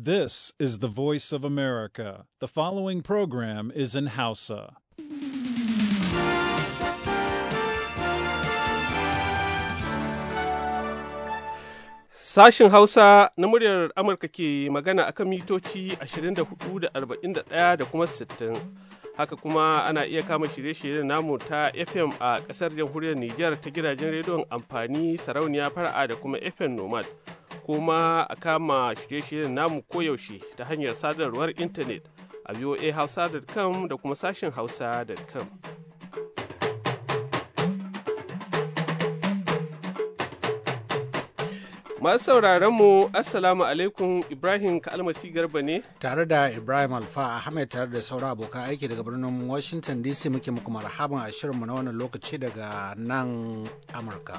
This is the voice of America. The following program is in Hausa. Sashen Hausa na muryar Amurka ke magana akan mitoci 24 da da kuma 60. Haka kuma ana iya kama shirye-shiryen namu ta FM a ƙasar jamhuriyar Nijar ta gidajen rediyon amfani sarauniya fara'a da kuma FM Nomad. kuma a kama shirye-shiryen namu koyaushe ta hanyar sadarwar intanet a voahausa.com da kuma sashen hausa.com. Masu sauraron mu Assalamu alaikum Ibrahim Kalmasi Garba ne. Tare da Ibrahim Alfa Ahmed tare da sauran abokan aiki daga birnin Washington DC muke muku marhaban a shirinmu na wannan lokaci daga nan Amurka.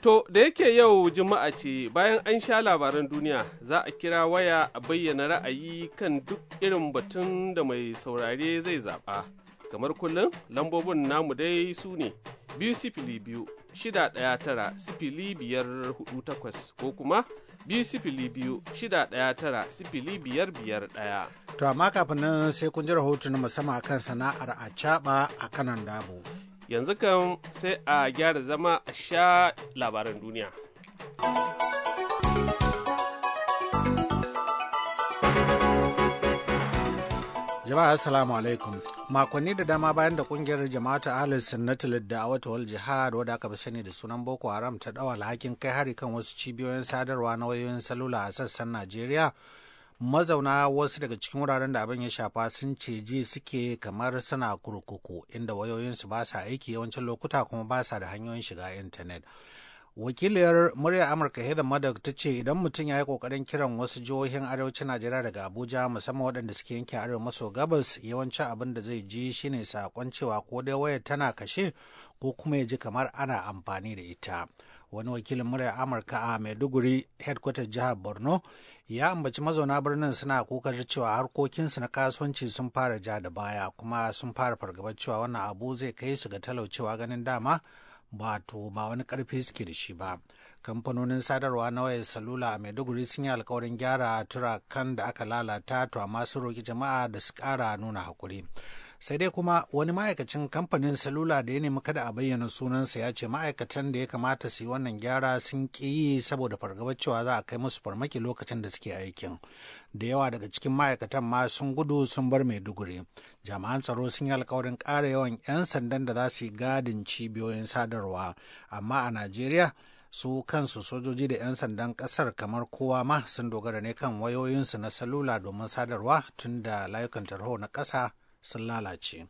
To da yake yau Juma'a ce bayan an sha labaran duniya za a kira waya a bayyana ra'ayi kan duk irin batun da mai saurare zai zaɓa. Kamar kullum lambobin namu dai su ne biyu sifili biyu tara sifili biyar hudu takwas ko kuma biyu sifili biyu shida ɗaya tara sifili biyar biyar ɗaya. To amma kafin nan sai kun ji rahoton musamman kan sana'ar a caɓa a kanan dabo. Yanzu kan sai a gyara zama a sha labaran duniya. jama'a assalamu alaikum makonni da dama bayan da kungiyar jama'ata ahlul sunnatul da'awat wal da wadda aka fi sani da sunan boko haram ta dawa alhakin kai hari kan wasu cibiyoyin sadarwa na wayoyin salula a sassan najeriya mazauna wasu daga cikin wuraren da abin ya shafa sun ce ji suke kamar suna kurkuku inda wayoyinsu ba sa aiki yawancin lokuta kuma ba sa da hanyoyin shiga intanet wakiliyar murya amurka helen maddox ta ce idan mutum ya yi kokarin kiran wasu jihohin arewacin najeriya daga abuja musamman waɗanda suke yanke arewa maso gabas yawancin abin da zai ji shine sakon cewa ko dai wayar tana kashe ko kuma ya ji kamar ana amfani da ita wani wakilin murya amurka a maiduguri headquarter jihar borno ya ambaci mazauna birnin suna kokar cewa harkokinsu na kasuwanci sun fara ja da baya kuma sun fara fargabar cewa wannan abu zai kai su ga talaucewa ganin dama wato ba wani karfi suke da shi ba kamfanonin sadarwa na wayar salula a maiduguri sun yi alkawarin gyara turakan da aka lalata to amma sun roki jama'a da su kara nuna hakuri sai dai kuma wani ma'aikacin kamfanin salula da ya nemi kada a bayyana sunansa ya ce ma'aikatan da ya kamata su yi wannan gyara sun ƙi yi saboda fargabar cewa za a kai musu farmaki lokacin da suke aikin da yawa daga cikin ma'aikatan ma sun gudu sun bar maiduguri jami'an tsaro sun yi alkawarin ƙara yawan 'yan sandan da za su yi gadin cibiyoyin sadarwa amma a najeriya su kansu sojoji da 'yan sandan ƙasar kamar kowa ma sun dogara ne kan wayoyinsu na salula domin sadarwa tun da layukan tarho na ƙasa sun lalace.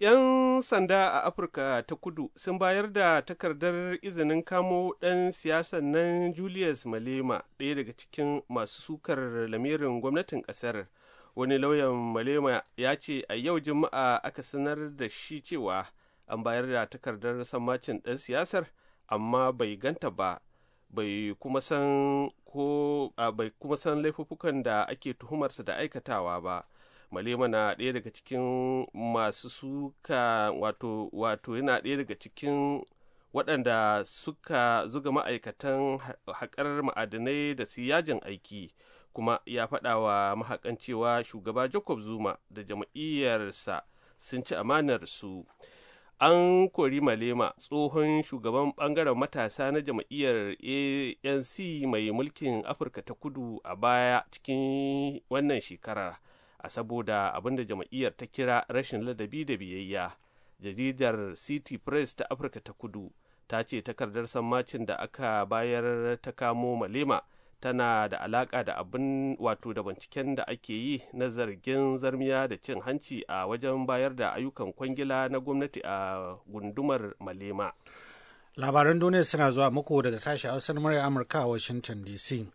'Yan sanda a Afirka ta kudu sun bayar da takardar izinin kamo ɗan siyasan nan Julius Malema ɗaya daga cikin masu sukar lamirin gwamnatin ƙasar. Wani lauyan Malema ya ce a yau Juma'a aka sanar da shi cewa an bayar da takardar sammacin ɗan siyasar amma bai ganta ba bai kuma san ko bai kuma san laifuffukan da ake tuhumarsa da aikatawa ba. malema na ɗaya daga cikin masu suka wato wato yana ɗaya daga cikin waɗanda suka zuga ma'aikatan haƙar ma'adanai da su yajin aiki kuma ya faɗa wa mahaƙan cewa shugaba jacob zuma da jam'iyyarsa sun ci amanar su an kori malema tsohon shugaban bangaren matasa na jam'iyyar anc mai mulkin afirka ta kudu a baya cikin wannan shekarar a saboda abinda da ta kira rashin ladabi da biyayya jaridar city press ta afirka ta kudu ta ce takardar sammacin da aka bayar ta kamo malema tana da alaka da abin wato da binciken da ake yi na zargin zarmiya da cin hanci a wajen bayar da ayyukan kwangila na gwamnati a gundumar malema labaran duniya suna zuwa muku daga sashen hausar murya amurka a washington dc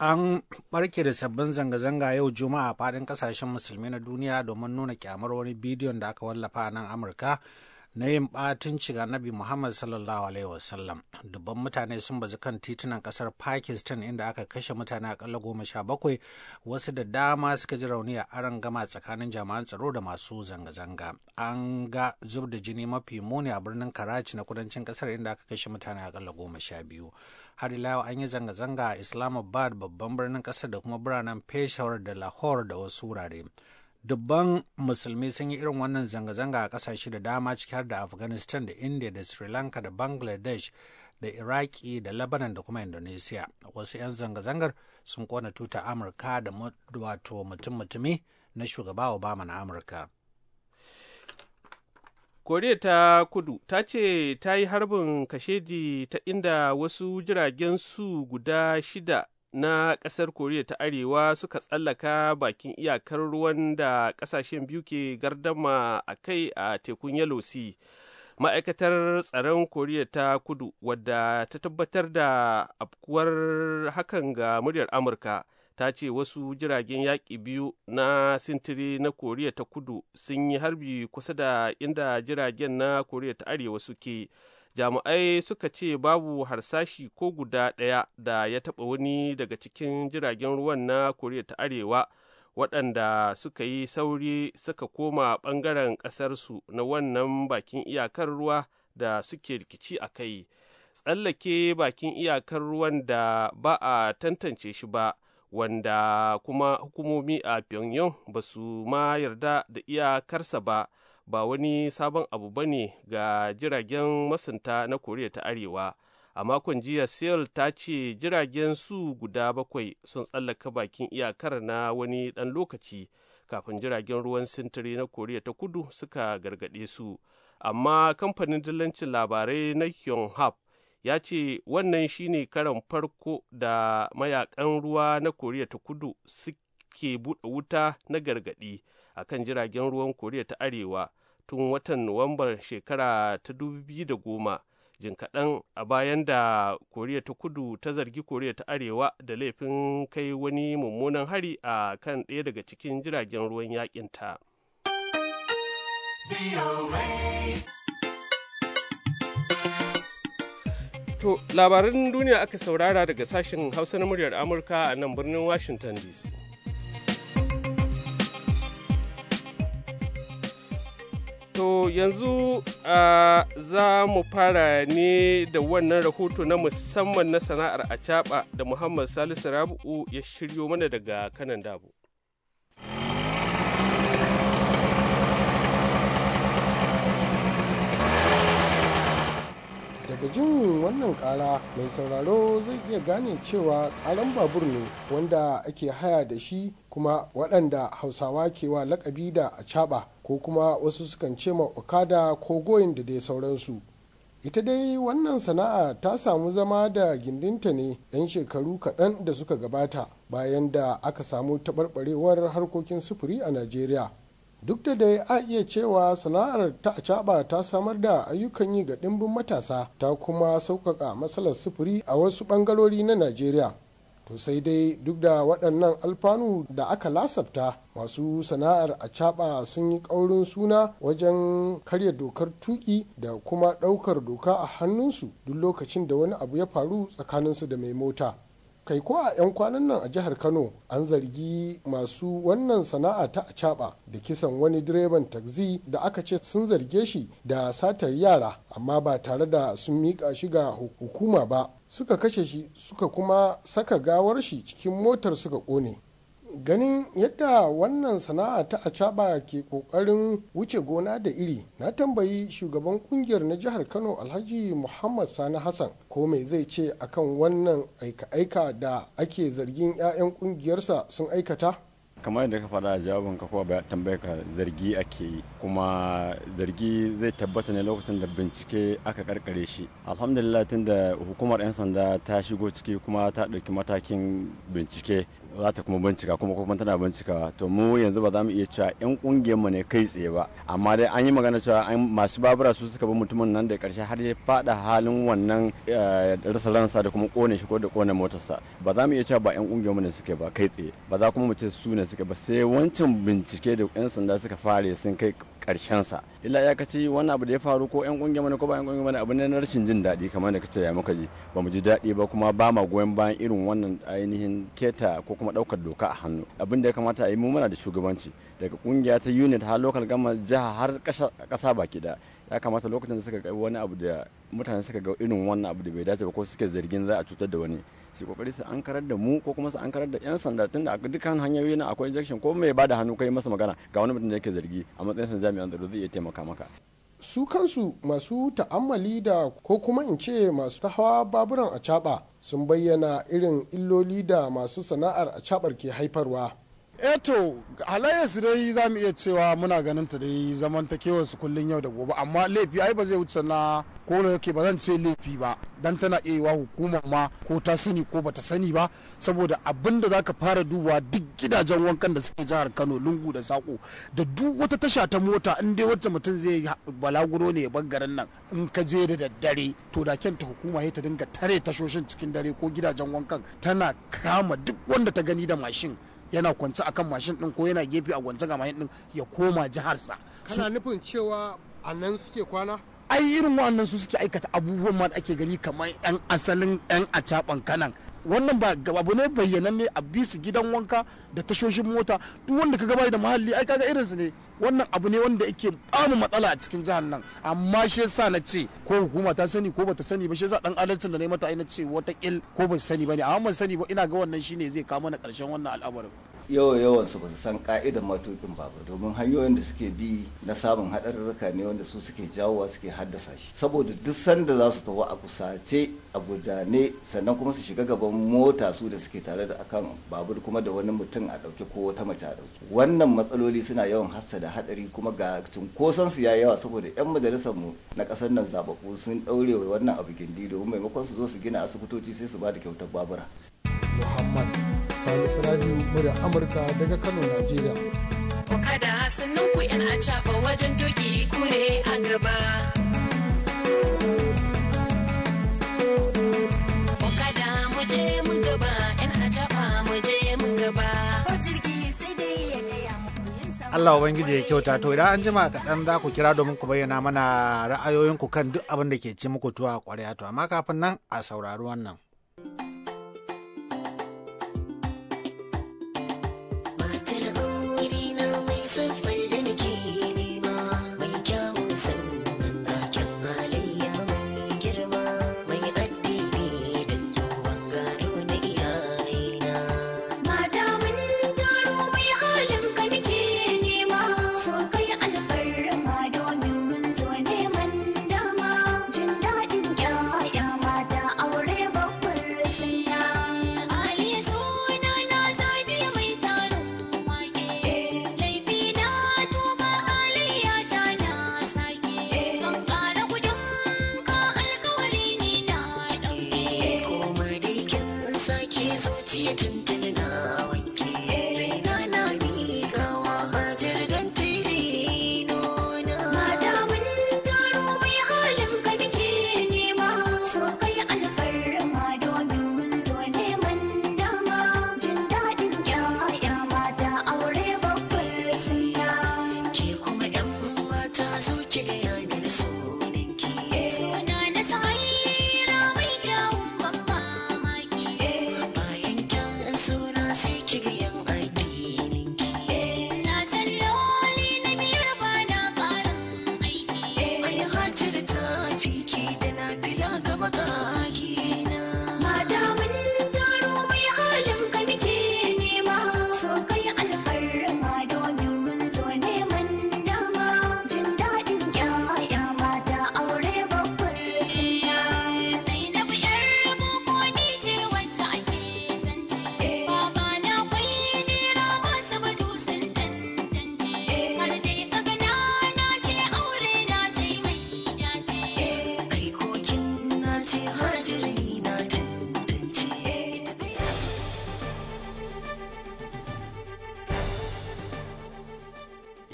an barke da sabbin zanga-zanga yau juma'a a faɗin ƙasashen musulmi na duniya domin nuna kyamar wani bidiyon da aka wallafa a nan amurka na yin ɓatun ga Nabi Muhammad sallallahu Alaihi wasallam. Dubban mutane sun bazu kan titunan ƙasar Pakistan inda aka kashe mutane akalla goma sha bakwai wasu da dama suka ji rauni a aron gama tsakanin jama'an tsaro da masu zanga-zanga. An ga zub da jini mafi muni a birnin Karachi na kudancin ƙasar inda aka kashe mutane akalla goma sha biyu. har ila an yi zanga-zanga a Islamabad babban birnin ƙasar da kuma biranen Peshawar da Lahore da wasu wurare. dubban musulmi sun yi irin wannan zanga-zanga a kasashe da dama ciki har da afghanistan da india da sri lanka da bangladesh da iraki da lebanon da kuma indonesia wasu 'yan zanga-zangar sun kona tuta amurka da wato mutum-mutumi na shugaba obama na amurka koriya ta kudu ta ce ta yi harbin kashedi ta inda wasu jiragen su guda shida na ƙasar koriya ta arewa suka tsallaka bakin iyakar ruwan da ƙasashen biyu ke gardama a kai a tekun yalo ma'aikatar tsaron koriya ta kudu wadda ta tabbatar da afkuwar hakan ga muryar amurka ta ce wasu jiragen yaƙi biyu na sintiri na koriya ta kudu sun yi harbi kusa da inda jiragen na koriya ta arewa suke jami'ai suka ce babu harsashi ko guda ɗaya da ya taɓa wani daga cikin jiragen ruwan na koriya ta arewa waɗanda suka yi sauri suka koma ɓangaren ƙasarsu na wannan bakin iyakar ruwa da suke rikici a kai tsallake bakin iyakar ruwan da ba a tantance shi ba wanda kuma hukumomi a pyongyang ba su ma yarda da iyakarsa ba ba wani sabon abu ba ne ga jiragen masunta na koriya ta arewa a makon jiya seoul ta ce jiragen su guda bakwai sun tsallaka bakin iyakar na wani dan lokaci kafin jiragen ruwan sintiri na koriya ta kudu suka gargade su amma kamfanin dillancin labarai na yonhap ya ce wannan shine karan farko da mayakan ruwa na koriya ta kudu suke buɗe wuta na gargaɗi a kan jiragen ruwan koriya ta arewa tun watan nuwambar shekara ta 2010 jin kaɗan a bayan da koriya ta kudu ta zargi koriya ta arewa da laifin kai wani mummunan hari a kan ɗaya daga cikin jiragen ruwan yakinta. To, labaran duniya aka saurara daga sashen Hausa na muryar Amurka a nan birnin Washington DC. To yanzu za mu fara ne da wannan rahoto na musamman na sana'ar acaɓa da Muhammad Salisu rabu ya shiryo mana daga kanan dabu. daga jin wannan kara mai sauraro zai iya gane cewa karan babur ne wanda ake haya da shi kuma waɗanda hausawa ke wa lakabi da acaba ko kuma wasu sukan ce ma okada ko goyin da dai sauransu ita dai wannan sana'a ta samu zama da gindinta ne 'yan shekaru kaɗan da suka gabata bayan da aka samu taɓarɓarewar harkokin sufuri a najeriya duk da dai a iya cewa sana'ar ta acaɓa ta samar da ayyukan yi ga ɗimbin matasa ta kuma sauƙaƙa matsalar sufuri a wasu ɓangarori na najeriya to sai dai duk da waɗannan alfanu da aka lasafta masu sana'ar a sun yi ƙaurin suna wajen karya dokar tuki da kuma ɗaukar doka a hannunsu duk lokacin da wani abu ya faru tsakaninsu da mai mota kai ko a 'yan kwanan nan a jihar kano an zargi masu wannan sana'a ta a caba da kisan wani direban taxi da aka ce sun zarge shi da satar yara amma ba tare da sun miƙa shi ga hukuma ba suka kashe shi suka kuma saka gawar shi cikin motar suka ƙone ganin yadda wannan sana'a ta acaba ke kokarin wuce gona da iri na tambayi shugaban kungiyar na jihar kano alhaji muhammad sani hassan ko mai zai ce akan wannan aika-aika da ake zargin 'ya'yan kungiyarsa sun aikata kamar yadda ka faɗa jawabin ka kuma tambayar ka zargi ake yi kuma zargi zai tabbata ne lokacin da bincike aka karkare shi alhamdulillah tun da hukumar 'yan sanda ta shigo ciki kuma ta ɗauki matakin bincike za ta kuma bincika kuma kuma tana bincika to mu yanzu ba za mu iya cewa yan kungiyar mu ne kai tsaye ba amma dai an yi magana cewa masu babura su suka bi mutumin nan da karshe har ya fada halin wannan eh, rasa ransa da kuma kone shi ko da kone motarsa ba za mu iya cewa ba yan kungiyar mu ne suke ba kai tsaye ba za kuma mu ce su ne suke ba sai wancan bincike da yan sanda suka fare sun kai karshen sa illa ya kace wannan abu da ya faru ko yan kungiya mana ko ba yan kungiya mana abu ne na rashin jin daɗi kamar da kace ya muka ji ba mu ji daɗi ba kuma ba ma goyon bayan irin wannan ainihin keta ko kuma ɗaukar doka a hannu abin da ya kamata a yi mu muna da shugabanci daga kungiya ta unit har local gama jiha har kasa baki ɗaya ya kamata lokacin da suka ga wani abu da mutane suka ga irin wannan abu da bai dace ba ko suke zargin za a cutar da wani su kokari su ankarar da mu ko kuma su ankarar da yan sanda tun da dukkan hanyoyi na akwai injection ko mai bada hannu kai masa magana ga wani mutum da yake zargi a matsayin san jami'an tsaro zai iya taimaka maka su kansu masu ta'ammali da ko kuma in ce masu ta hawa baburan a sun bayyana irin illoli da masu sana'ar a ke haifarwa eto eh, halayyarsu dai za mu iya cewa muna ganin ta dai zamantakewar su kullum yau da gobe amma laifi ai ba zai wuce na ko yake ba zan ce laifi ba dan tana iya yi wa hukumar ma ko ta sani ko bata sani ba saboda abin da zaka fara duba duk gidajen wankan da suke jihar Kano lungu da sako da duk wata tasha ta mota in dai wacce mutum zai balaguro ne ya garin nan in ka je da daddare to da kyanta hukuma ya ta dinga tare tashoshin cikin dare ko gidajen wankan tana kama duk wanda ta gani da mashin yana kwance akan mashin din ko yana gefe a kwance ga mashin din ya koma jiharsa kana nufin cewa a nan suke kwana ai irin wa'annan su suke aikata abubuwan ma da ake gani kamar yan asalin yan acaɓan kanan wannan ba abu ne bayyananne a bisu gidan wanka da tashoshin mota duk wanda ka gabata da muhalli ai kaga irinsu ne wannan abu ne wanda yake bamu matsala a cikin jihar nan amma shi yasa na ce ko hukuma ta sani ko bata sani ba shi yasa dan adalcin da na yi mata ai na ce wata ƙil ko ba sani ne amma ban sani ba ina ga wannan shine zai kawo mana karshen wannan al'amarin yawa yawan su ba san ka'idar matukin ba domin hanyoyin da suke bi na samun haɗarurruka ne wanda su suke jawowa suke haddasa shi saboda duk sanda za su tafi a kusace a gudane sannan kuma su shiga gaban mota su da suke tare da akan babur kuma da wani mutum a ɗauke ko wata mace a ɗauke wannan matsaloli suna yawan hassa da haɗari kuma ga cunkoson su ya yawa saboda 'yan majalisar mu na ƙasar nan zababu sun ɗaure wa wannan abu gindi domin maimakon su zo su gina asibitoci sai su ba da kyautar babura. Muhammad salis Radio murya Amurka daga Kano, Najeriya. Okada sannan ku yan acaba wajen doki kure a gaba. Okada mu je gaba gaba. Allah ya kyauta to idan an jima kaɗan za ku kira domin ku bayyana mana ra'ayoyinku kan duk abin da ke ci muku tuwa ƙwarya to amma kafin nan a saurari wannan.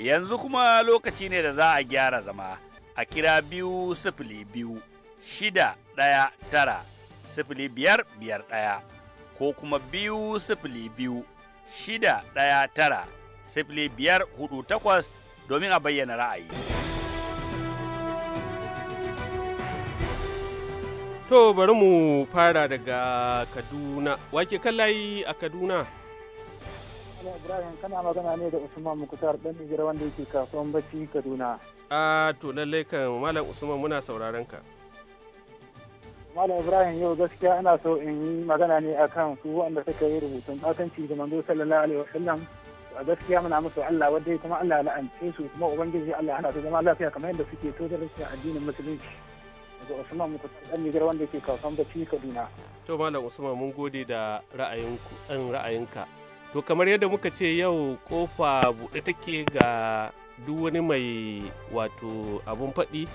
yanzu kuma lokaci ne da za a gyara zama a kira biyu sifili biyu shida ɗaya tara sifili biyar biyar ɗaya ko kuma biyu sifili biyu shida ɗaya tara sifili biyar hudu takwas domin a bayyana ra'ayi. To bari mu fara daga Kaduna, wake kallayi a Kaduna. Ibrahim kana magana ne da Usman Mukutar dan Nijar wanda yake kasuwan bacci Kaduna. A to lalle kan Malam Usman muna sauraron ka. Malam Ibrahim yau gaskiya ana so in yi magana ne akan su wanda suka yi rubutun bakanci da manzo sallallahu alaihi wasallam a gaskiya muna musu Allah wadda kuma Allah la'ance su kuma ubangiji Allah yana so zama lafiya kamar yadda suke to da rashin addinin musulunci. Daga Usman Mukutar dan Nijar wanda yake kasuwan bacci Kaduna. To Malam Usman mun gode da ra'ayinku ɗan ra'ayinka. to kamar yadda muka ce yau kofa buɗe take ga duk wani mai wato abun faɗi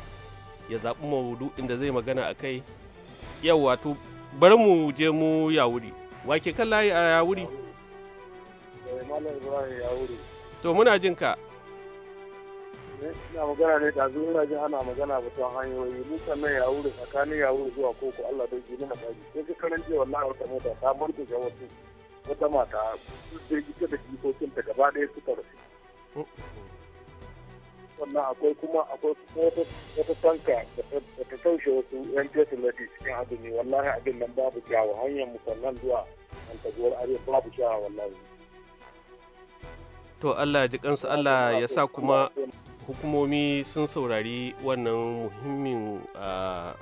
ya zaɓi maudu'in da zai magana a kai yau wato bari mu je mu yawuri wake kan layi a yawuri to muna jin ka eh, ina magana ne da zuwa jin ana magana batun hanyoyi mu na ya wuri tsakanin ya wuri zuwa koko Allah don gini na ɗari sai karan ce wallahi wata mota ta ga wasu wata mata jirgita da jikokinta gaba ɗaya suka rasu wannan akwai kuma akwai wata tanka da ta taushe wasu yan fesilati cikin azumi wallahi abin nan babu kyawu hanyar musamman zuwa an tagowar arewa babu kyawu wallahi to Allah ji kansu Allah ya sa kuma hukumomi sun saurari wannan muhimmin ah,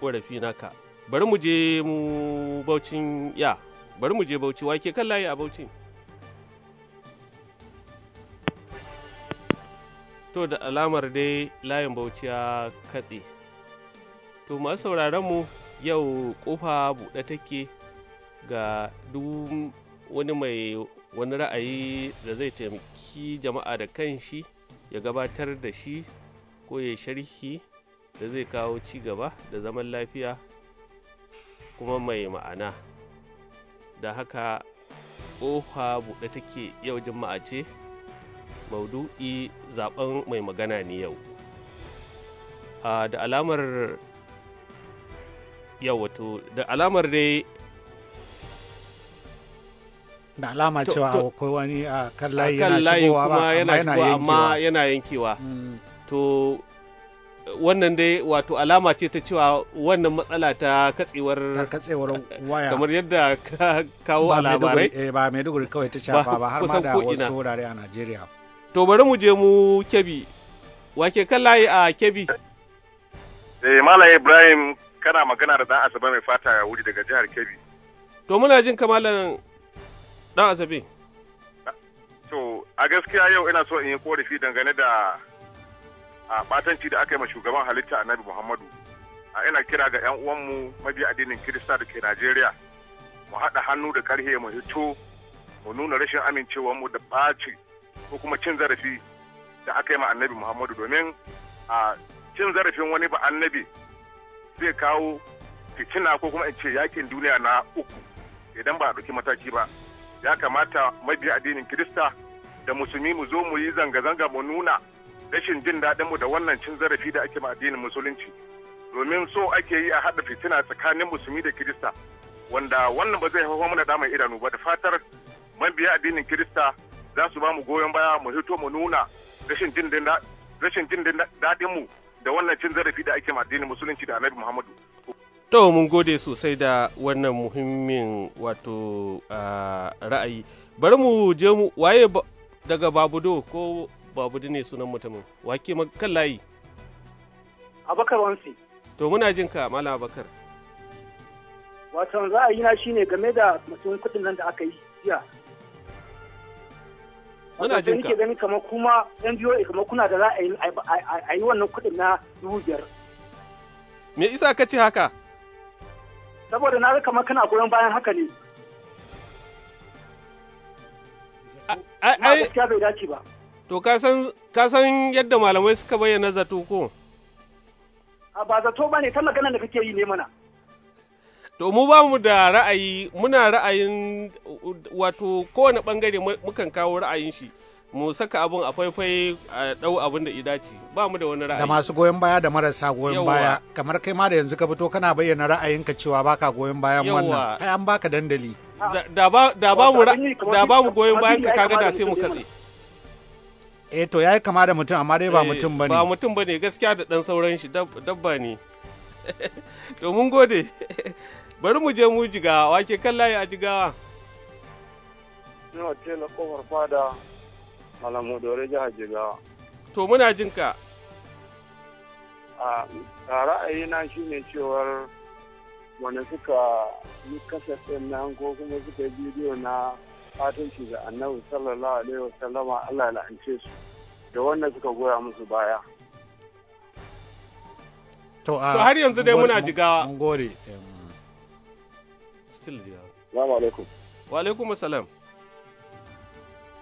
korafi naka bari mu je mu baucin ya bari mu je bauchi wake kan layi a bauchi to da alamar dai layin bauchi ya katse to masu sauraron mu yau kofa buɗe take ga duk wani mai wani ra'ayi da zai taimaki jama'a da kan shi ya gabatar da shi ko ya sharhi da zai kawo ci gaba da zaman lafiya kuma mai ma'ana da haka ƙofa buɗe take yau juma'a ce maudu'i zaben mai magana ne yau da alamar yau wato da alamar dai da alama cewa akwai wani a kan layi yana shigowa ba amma yana yankewa mm. to wannan dai wato alama ce ta cewa wannan matsala ta katsewar katsewar waya kamar yadda ka kawo labarai eh, ba maiduguri kawai ta shafa ba har ma da wasu wurare a najeriya to bari mu je mu kebi wake layi a kebi eh malam ibrahim kana magana da dan asabe mai fata ya wuri daga jihar kebi to muna jin kamalan dan asabe to a gaskiya yau ina so in yi korafi dangane da a batanci da aka yi ma shugaban halitta annabi muhammadu a ina kira ga yan uwanmu mabi addinin kirista da ke najeriya mu haɗa hannu da karhe mu hito mu nuna rashin amincewar mu da ɓaci ko kuma cin zarafi da aka yi ma annabi muhammadu domin a cin zarafin wani ba annabi zai kawo fitina ko kuma in ce yakin duniya na uku idan ba a ɗauki mataki ba ya kamata mabi addinin kirista da musulmi mu zo mu yi zanga-zanga mu nuna rashin jin daɗin mu da wannan cin zarafi da ake ma addinin musulunci domin so ake yi a haɗa fitina tsakanin musulmi da kirista wanda wannan ba zai haifar mana da mai idanu ba da fatar mabiya addinin kirista za su ba mu goyon baya mu hito mu nuna rashin jin daɗin mu da wannan cin zarafi da ake ma addinin musulunci da annabi muhammadu to mun gode sosai da wannan muhimmin wato ah, ra'ayi bari mu je mu waye daga babudo ko Babu ne sunan mutumin wake kan layi abakar wansi to muna jin ka mala abakar wato za a yi na shine game da mutumin kudin nan da aka yi jiya muna jin ka gani kamar kuma yan biyo kamar kuna da za a yi wannan kudin na dubu biyar me isa ka ce haka saboda na rika kamar kana goyon bayan haka ne ai gaskiya bai dace ba To, ka san yadda malamai suka bayyana zato ko? A ba zato ba ne, ta magana da kake yi ne mana. To, mu ba mu da ra'ayi, muna ra'ayin wato kowane ɓangare mukan kawo ra'ayin shi. mu saka abun a faifai a dau abin da idaci ba mu da wani ra'ayi da masu goyon baya da marasa goyon baya kamar kai ma da yanzu ka fito kana bayyana ra'ayinka cewa baka goyon bayan wannan kai an baka dandali da ba mu goyon bayan ka kaga da sai mu katse eh to yayi kama da mutum amma dai ba eh, mutum bane ba mutum bane gaskiya da dan sauran shi dabba ne to mun gode bari mu je mu jigawa wake kan layi a jigawa ina tela kofar fada malamu dore jihar jigawa to muna jin ka a ra'ayina ne cewar wani suka yi kasafin nan ko kuma suka yi bidiyo na fatanci ga annabi sallallahu alaihi wasallama Allah la'ance su da wannan suka goya musu baya. To har yanzu dai muna jigawa. Mun gore. Still dia. Assalamu alaikum. Wa alaikum assalam.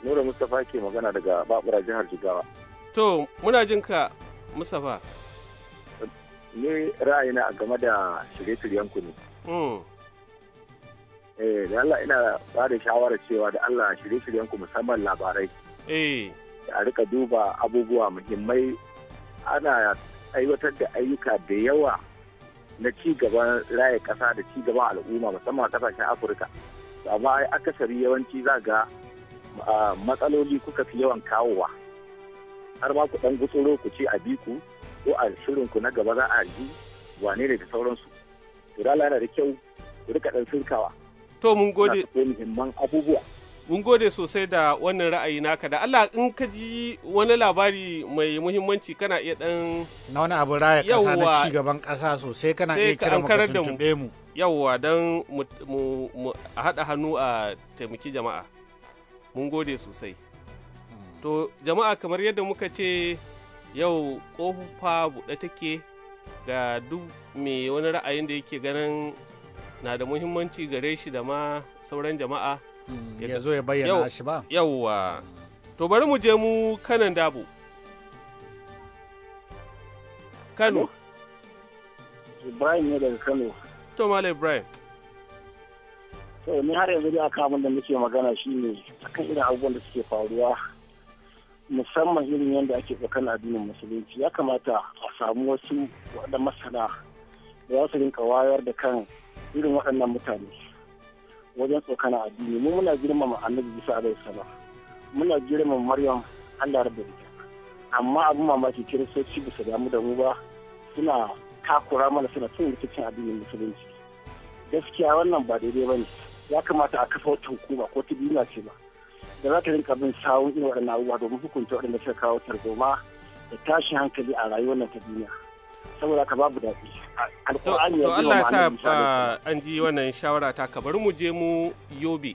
Nura Mustapha ke magana daga Babura jihar Jigawa. To muna jin ka Mustapha. Ni ra'ayina game da shirye-shiryen ku ne. Hmm. eh da Allah ina ba da shawara cewa da Allah shirye-shiryen ku musamman labarai eh a rika duba abubuwa muhimmai ana aiwatar da ayyuka da yawa na ci gaban raye kasa da ci gaban al'umma musamman a kasashen afirka amma akasari yawanci za ga matsaloli kuka fi yawan kawowa har ma ku dan gutsuro ku ce a biku ko a shirin ku na gaba za a yi wane ne da sauransu to da yana da kyau ku rika ɗan sirkawa To mun gode. Mun gode sosai da wannan ra'ayi naka da Allah in ka ji wani labari mai muhimmanci kana iya dan na wani abu raya kasa na ci gaban kasa sosai kana iya kira mu ka tuntube mu. Yawwa dan mu haɗa hannu a taimaki jama'a. Mun gode sosai. To jama'a kamar yadda muka ce yau kofa buɗe take ga duk mai wani ra'ayin da yake ganin na da muhimmanci gare shi da ma sauran jama'a hmm, ya zo ya bayyana shi ba yauwa to bari mu je mu kanan dabo kano ibrahim ne daga kano to male ibrahim to ni har yanzu da aka da muke magana shine kan irin abubuwan da suke faruwa musamman irin yadda ake tsakan addinin musulunci ya kamata a samu wasu waɗanda masana da za su rinka wayar da kan irin waɗannan mutane wajen tsokana addini mu muna girmama annabi bisa alaihi salam muna girmama maryam allah rabbi ita amma abin mamaki kiristoci ba su damu da mu ba suna takura mana suna cin rikicin addinin musulunci gaskiya wannan ba daidai ba ne ya kamata a kafa wata hukuma ko ta biyu ce ba da za ta rinka bin sawun irin waɗannan abubuwa domin hukunta waɗanda suka kawo targoma da tashin hankali a rayuwar nan ta duniya saboda ka babu daɗi to Allah sa ah, an ji wannan shawara ta ka mu je mu yobe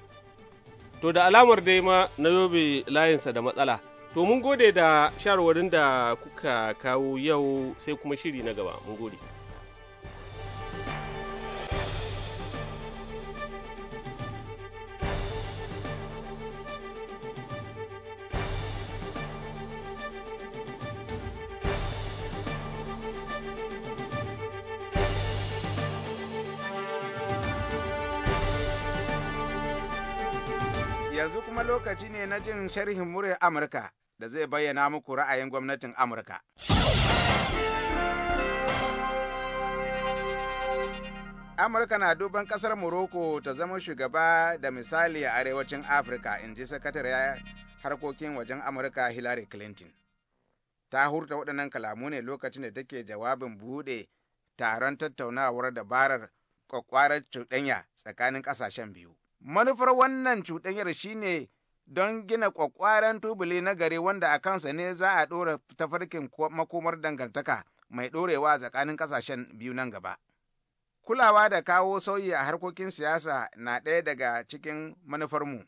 to da alamar dai ma na yobe layinsa da matsala to mun gode da shawarwarin da kuka kawo yau sai kuma shiri na gaba mun gode ne na jin sharhin muryar Amurka da zai bayyana muku ra'ayin gwamnatin Amurka. Amurka na duban kasar Morocco ta zama shugaba da misali a arewacin Afirka, in ji sakatariya harkokin wajen Amurka Hillary Clinton. Ta hurta waɗannan kalamu ne lokacin da take jawabin buɗe taron tattaunawar dabarar kwakwarar cuɗanya tsakanin ƙasashen biyu. Manufar wannan cuɗanyar shine don gina kwakwaren tubuli na gari wanda a kansa ne za a ɗora tafarkin makomar dangantaka mai ɗorewa tsakanin ƙasashen biyu nan gaba. Kulawa da kawo sauyi a harkokin siyasa na ɗaya daga cikin manufarmu.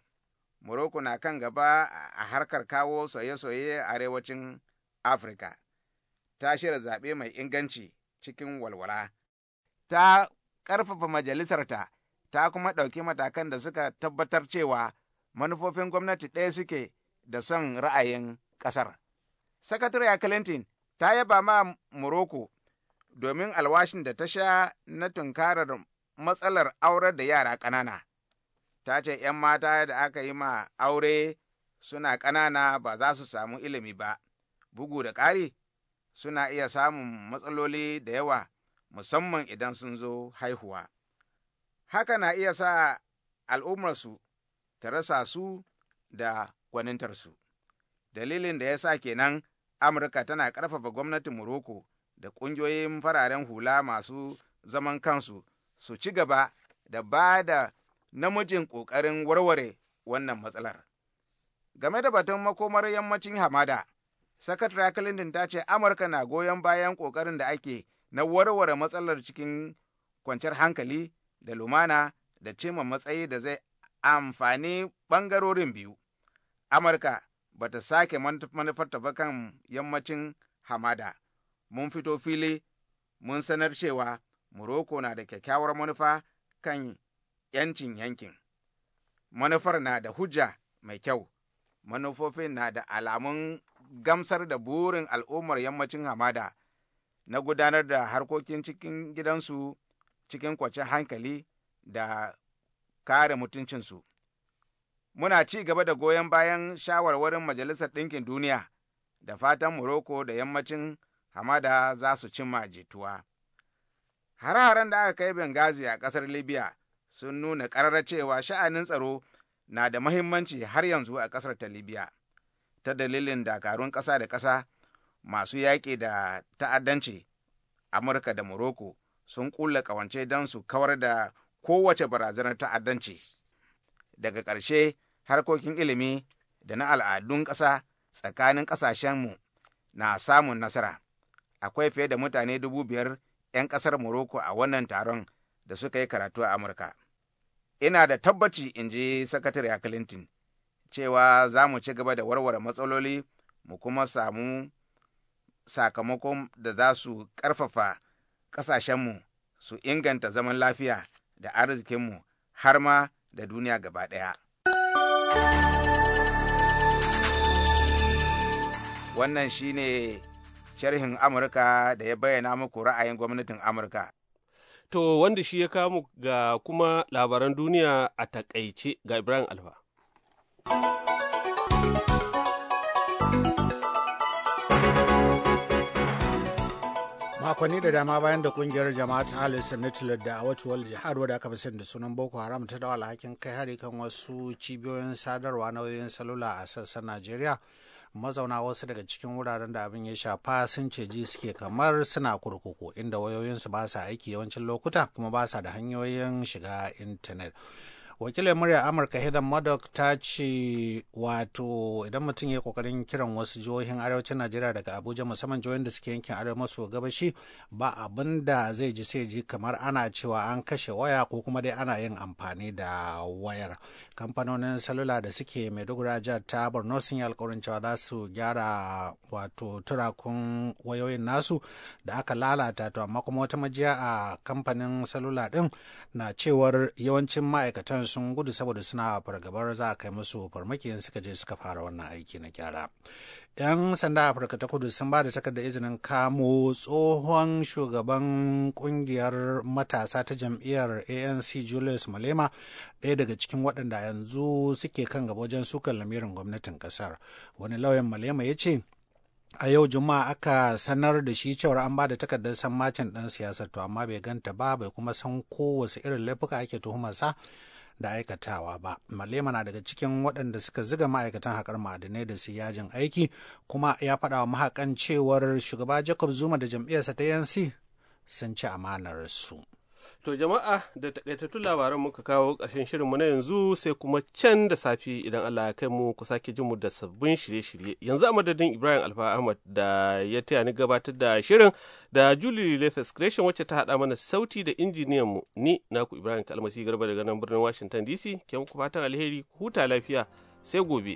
Morocco na kan gaba a harkar kawo soye-soye a arewacin Afirka. Ta shirya zaɓe mai inganci cikin walwala. Ta ƙarfafa majalisarta, ta kuma ɗauki matakan da suka tabbatar cewa manufofin gwamnati ɗaya suke da son ra'ayin ƙasar. Sakatariya Clinton ta yaba ma Morocco domin alwashin da ta sha na tunkarar matsalar aurar da yara ƙanana. Ta ce ‘yan mata da aka yi ma aure suna ƙanana ba za su samu ilimi ba, bugu da ƙari suna iya samun matsaloli da yawa musamman idan sun zo haihuwa. Haka na iya sa al'ummarsu ta rasa su da gwanintarsu. Dalilin da ya sa kenan Amurka tana ƙarfafa gwamnatin Morocco da ƙungiyoyin fararen hula masu zaman kansu su ci gaba da ba da namijin ƙoƙarin warware wannan matsalar. Game da batun makomar yammacin hamada, Sakatare Clinton ta ce Amurka na goyon bayan ƙoƙarin da ake na warware matsalar cikin kwanciyar hankali da lumana da cimma matsayi da zai amfani ɓangarorin biyu. Amurka ba ta sake manufarta ba kan yammacin hamada. Mun fito fili mun sanar cewa Morocco na da kyakkyawar manufa kan ‘yancin yankin. Manufar na da hujja mai kyau, manufofin na da alamun gamsar da burin al'ummar yammacin hamada na gudanar da harkokin cikin gidansu cikin kwace hankali da kare mutuncinsu. Muna ci gaba da goyon bayan shawarwarin Majalisar Ɗinkin Duniya da fatan Morocco da yammacin hamada za su cimma jituwa. Har-haren da aka kai Benghazi a ƙasar Libya sun nuna ƙararra cewa sha'anin tsaro na da mahimmanci har yanzu a ƙasar ta Libya, ta dalilin dakarun ƙasa da ƙasa masu yaƙi da ta'addanci, Amurka da Morocco sun ƙulla ƙawance don su kawar da kowace barazanar ta'addanci. Daga ƙarshe harkokin ilimi da na al'adun ƙasa tsakanin ƙasashenmu na samun nasara. Akwai fiye da mutane dubu biyar 'yan ƙasar Morocco a wannan taron da suka yi karatu a Amurka. Ina da tabbaci in ji Sakatare Clinton cewa za mu ci gaba da warware matsaloli mu kuma samu sakamakon da za su ƙarfafa ƙasashenmu su inganta zaman lafiya da arzikinmu har ma da duniya gaba ɗaya. Wannan shi ne sharhin Amurka da ya bayyana muku ra'ayin gwamnatin Amurka. To, wanda shi ya kamu ga kuma labaran duniya a takaice ga Ibrahim Alfa. makonni da dama bayan da kungiyar ta ta sunnatullah da wal jihar da aka fi sani da sunan boko haram ta dawo alhakin kai hari kan wasu cibiyoyin sadarwa na wayoyin salula a sassan najeriya mazauna wasu daga cikin wuraren da abin ya shafa sun ce ji suke kamar suna kurkuku inda wayoyinsu ba sa aiki yawancin lokuta kuma ba sa da hanyoyin shiga intanet wakilin murya amurka hidden maddock ta ce wato idan mutum ya yi kokarin kiran wasu jihohin arewacin najeriya daga abuja musamman jihohin da suke yankin arewa maso gabashi ba abin da zai ji sai ji kamar ana cewa an kashe waya ko kuma dai ana yin amfani da wayar kamfanonin salula da suke maiduguri jihar ta borno sun yi alkawarin cewa za su gyara wato turakun wayoyin nasu da aka lalata to amma kuma wata majiya a kamfanin salula din na cewar yawancin ma'aikatan sun gudu saboda suna fargabar za a kai musu farmaki suka je suka fara wannan aiki na gyara. 'Yan sanda Afirka ta kudu sun ba da takardar izinin kamo tsohon shugaban kungiyar matasa ta jam'iyyar ANC Julius Malema ɗaya daga cikin waɗanda yanzu suke kan gaba wajen sukan lamirin gwamnatin ƙasar. Wani lauyan Malema ya ce, a yau juma'a aka sanar da shi cewar an ba da takardar sammacin ɗan siyasar to amma bai ganta ba bai kuma san kowace irin laifuka ake tuhumarsa da aikatawa ba malema na daga cikin waɗanda suka ziga ma'aikatan haƙar ma'adinai da su yajin aiki kuma ya faɗa wa mahakan cewar shugaba jacob zuma da jam'iyyarsa ta yansi sun ci amanar su To jama'a da takaitattun labaran muka kawo ƙarshen shirinmu na yanzu sai kuma can da safi idan Allah ya kai mu ku sake jin mu da sabbin shirye-shirye. Yanzu a madadin Ibrahim Alfa Ahmad da ya taya ni gabatar da shirin da Julie Lefes Creation wacce ta haɗa mana sauti da injiniyan mu ni naku Ibrahim Kalmasi Garba daga nan birnin Washington DC. Ke muku fatan alheri, huta lafiya, sai gobe.